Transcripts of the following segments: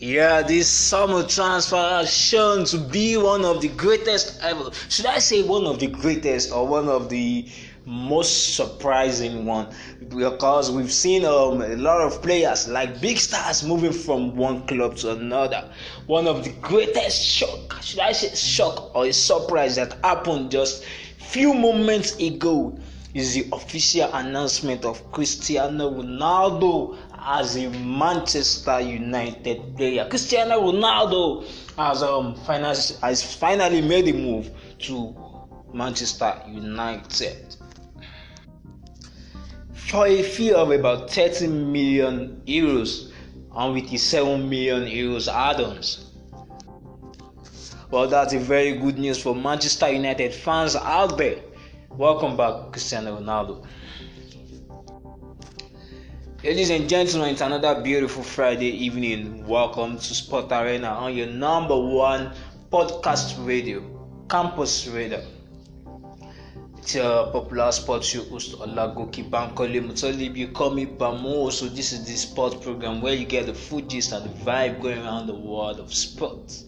Yeah, this summer transfer has shown to be one of the greatest ever. Should I say one of the greatest or one of the most surprising one? Because we've seen um, a lot of players like big stars moving from one club to another. One of the greatest shock, should I say shock or a surprise that happened just few moments ago is the official announcement of Cristiano Ronaldo as a Manchester United player. Cristiano Ronaldo has um has finally made a move to Manchester United for a fee of about 30 million euros and with the 7 million euros add-ons. Well, that's a very good news for Manchester United fans out there. Welcome back, Cristiano Ronaldo. Ladies and gentlemen, it's another beautiful Friday evening. Welcome to Sport Arena on your number one podcast radio, Campus Radio. It's a popular sports show host Olagoki Bankole Mutolibi. Call me Bamo. So this is the sport program where you get the food gist and the vibe going around the world of sports.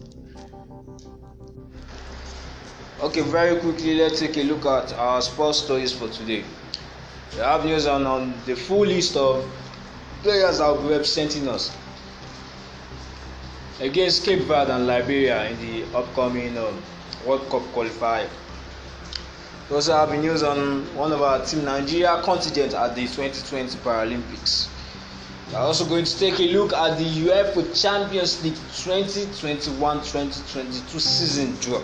Okay, very quickly, let's take a look at our sports stories for today. We have news on, on the full list of players that will be representing us against Cape Verde and Liberia in the upcoming uh, World Cup qualifier. We also have news on one of our team Nigeria contingent at the 2020 Paralympics. We are also going to take a look at the UEFA Champions League 2021-2022 season draw.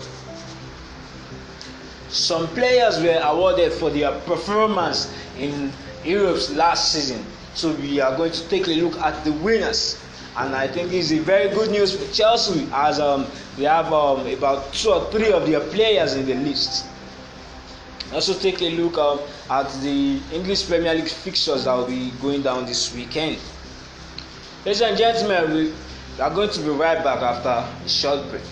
Some players were awarded for their performance in Europe's last season so we are going to take a look at the winners. And I think it's a very good news for Chelsea as um, we have um, about two or three of their players in the list. Also, take a look um, at the English Premier League fixtures that will be going down this weekend. Ladies and gentlemen, we are going to be right back after a short break.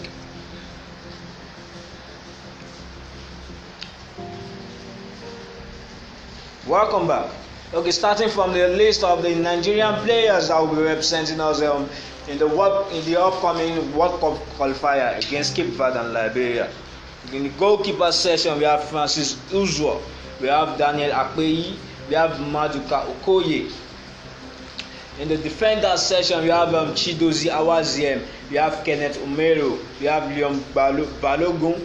Welcome back. Okay, starting from the list of the Nigerian players that will be representing us um, in the world, in the upcoming World Cup qualifier against Cape Verde and Liberia. In the goalkeeper session we have Francis Uzo, we have Daniel Akpeyi, we have Maduka Okoye. In the defender session we have um, Chidozie Awaziem, we have Kenneth Omero, we have Leon Balogun,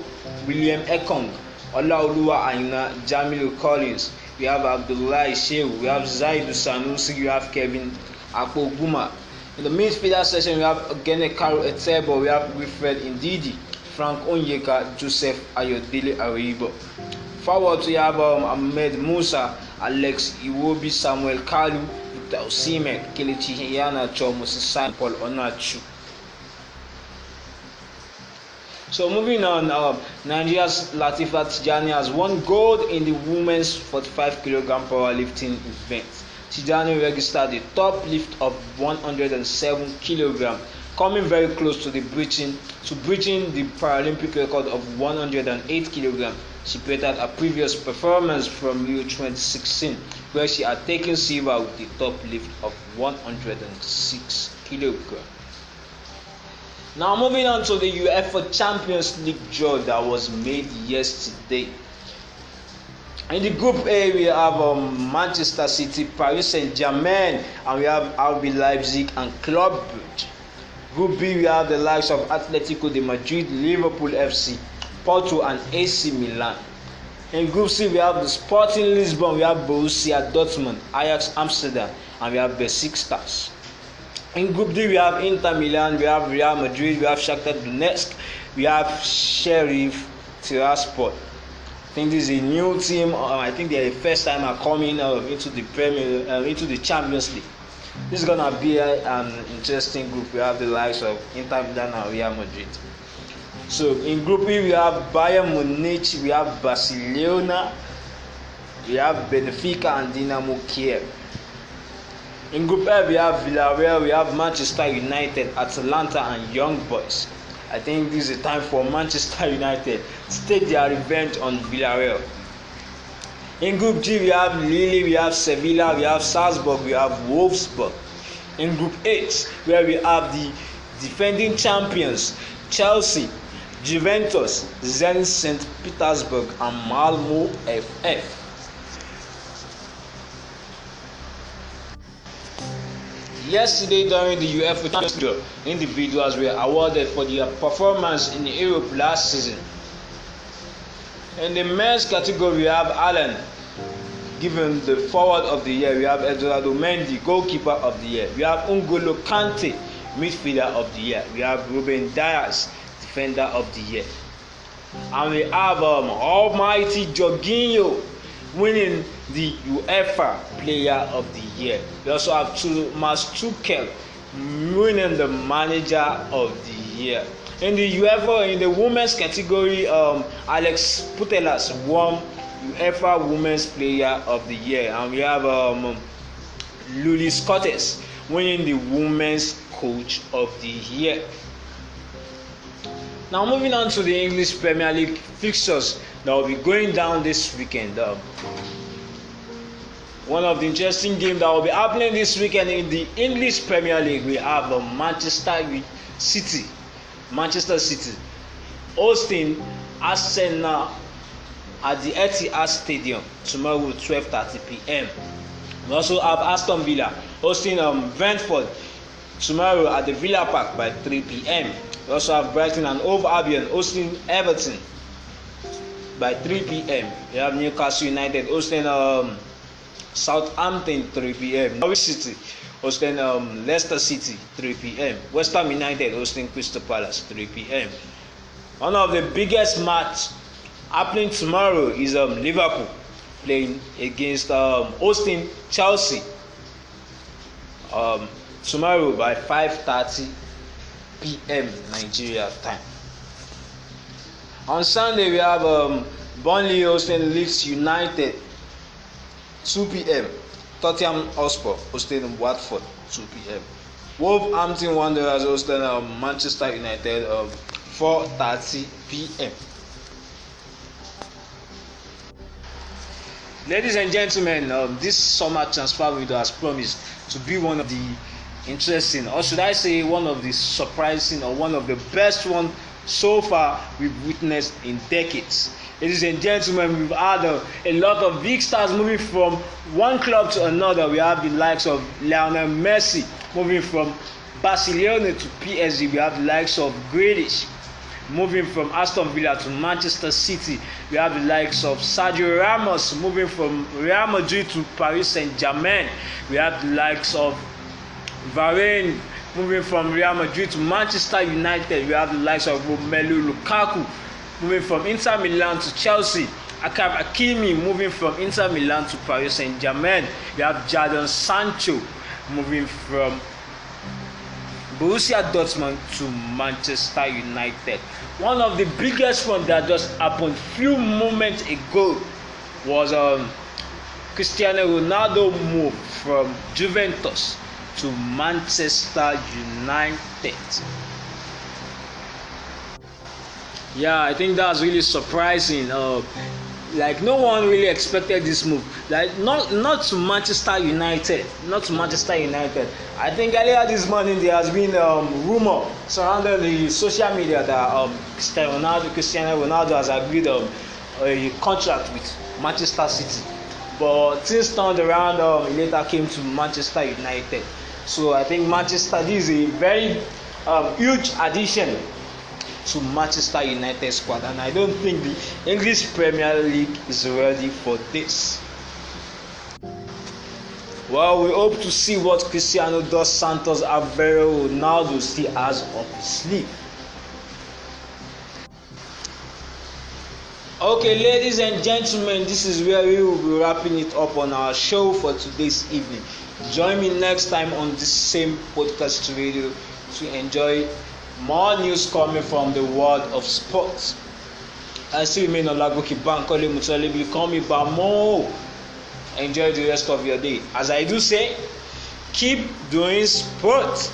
William Ekong, Olaoluwa Aina, Jamilu Collins we have Abdullahi Shehu, we have Zaidu Sanusi, we have Kevin Akpoguma. In the midfielder section, we have Gene Karu Etebo, we have Wilfred Ndidi, Frank Onyeka, Joseph Ayodele Aribo. Forward we have um, Ahmed Musa, Alex Iwobi, Samuel Kalu, Victor Osimhen, Kelechi Iheanacho, Moses San Paul Onachu. So moving on, uh, Nigeria's Latifa Tijani has won gold in the women's 45 kilogram powerlifting event. Tijani registered the top lift of 107 kilogram, coming very close to the breaching to breaching the Paralympic record of 108 kilogram. She created a previous performance from Rio 2016, where she had taken silver with the top lift of 106 kg. Now, moving on to the UEFA Champions League draw that was made yesterday. In the group A, we have um, Manchester City, Paris Saint Germain, and we have RB Leipzig and Club Brugge. Group B, we have the likes of Atletico de Madrid, Liverpool FC, Porto, and AC Milan. In Group C, we have the Sporting Lisbon, we have Borussia Dortmund, Ajax Amsterdam, and we have the Six Stars. In Group D, we have Inter Milan, we have Real Madrid, we have Shakhtar Donetsk, we have Sheriff Tiraspol. I think this is a new team. Uh, I think they're the first time are coming uh, into the Premier, uh, into the Champions League. This is gonna be a, an interesting group. We have the likes of Inter Milan and Real Madrid. So in Group E, we have Bayern Munich, we have Barcelona, we have Benfica and Dinamo Kiev. In Group A, we have Villarreal, we have Manchester United, Atlanta, and Young Boys. I think this is a time for Manchester United to take their revenge on Villarreal. In Group G, we have Lille, we have Sevilla, we have Salzburg, we have Wolfsburg. In Group H, where we have the defending champions Chelsea, Juventus, Zenit St. Petersburg, and Malmo FF. Yesterday, during the UEFA Champions League, individuals were awarded for their performance in Europe last season. In the men's category, we have Allen, given the forward of the year. We have Eduardo Mendy, goalkeeper of the year. We have Ungolo Kante, midfielder of the year. We have Ruben Dias, defender of the year. And we have um, Almighty Jorginho winning the UEFA Player of the Year. We also have Thomas Tuchel winning the Manager of the Year. In the UEFA, in the women's category, um, Alex Putelas won UEFA Women's Player of the Year, and we have um, Luli Scottis winning the Women's Coach of the Year. Now moving on to the English Premier League fixtures that will be going down this weekend. Um, One of the interesting games that will be happening this weekend in the English Premier League, we have uh, Manchester City, Manchester City hosting Arsenal at the Etihad Stadium tomorrow 12:30 p.m. We also have Aston Villa hosting um, Brentford tomorrow at the Villa Park by 3 p.m. We also have Brighton and Hove Albion hosting Everton by 3 p.m. We have Newcastle United hosting um, Southampton 3 p.m. Norwich City hosting um, Leicester City 3 p.m. West Ham United hosting Crystal Palace 3 p.m. One of the biggest matches happening tomorrow is um, Liverpool playing against um, hosting Chelsea um, tomorrow by 5:30 p.m. Nigeria time. On Sunday we have um, Burnley hosting Leeds United 2 p.m. Tottenham Hotspur hosting Watford 2 p.m. Wolverhampton Wanderers hosting um, Manchester United um, 4:30 p.m. Ladies and gentlemen, um, this summer transfer window has promised to be one of the interesting, or should I say, one of the surprising, or one of the best ones so far we've witnessed in decades. Ladies and gentlemen, we've had a, a, lot of big stars moving from one club to another. We have the likes of Lionel Messi moving from Barcelona to PSG. We have the likes of Grealish moving from Aston Villa to Manchester City. We have the likes of Sergio Ramos moving from Real Madrid to Paris Saint Germain. We have the likes of Varane moving from Real Madrid to Manchester United. We have the likes of Romelu Lukaku moving from Inter Milan to Chelsea. Akab Akimi moving from Inter Milan to Paris Saint Germain. We have Jadon Sancho moving from Borussia Dortmund to Manchester United. One of the biggest ones that just happened few moments ago was um, Cristiano Ronaldo move from Juventus to Manchester United. Yeah, I think that's really surprising. Uh, like no one really expected this move. Like not not to Manchester United, not to Manchester United. I think earlier this morning there has been um, rumor surrounding the social media that um, Cristiano Ronaldo, Cristiano Ronaldo has agreed um, a contract with Manchester City, but things turned around. Um, he later came to Manchester United. So I think Manchester this is a very um, huge addition to Manchester United squad, and I don't think the English Premier League is ready for this. Well, we hope to see what Cristiano dos Santos Aveiro Ronaldo still has up his sleeve. Okay, ladies and gentlemen, this is where we will be wrapping it up on our show for today's evening. Join me next time on this same podcast radio to enjoy More news coming from the world of sports. I still remain on Lagoki Bankole Mutalebi. come me Bamo. Enjoy the rest of your day. As I do say, keep doing sports.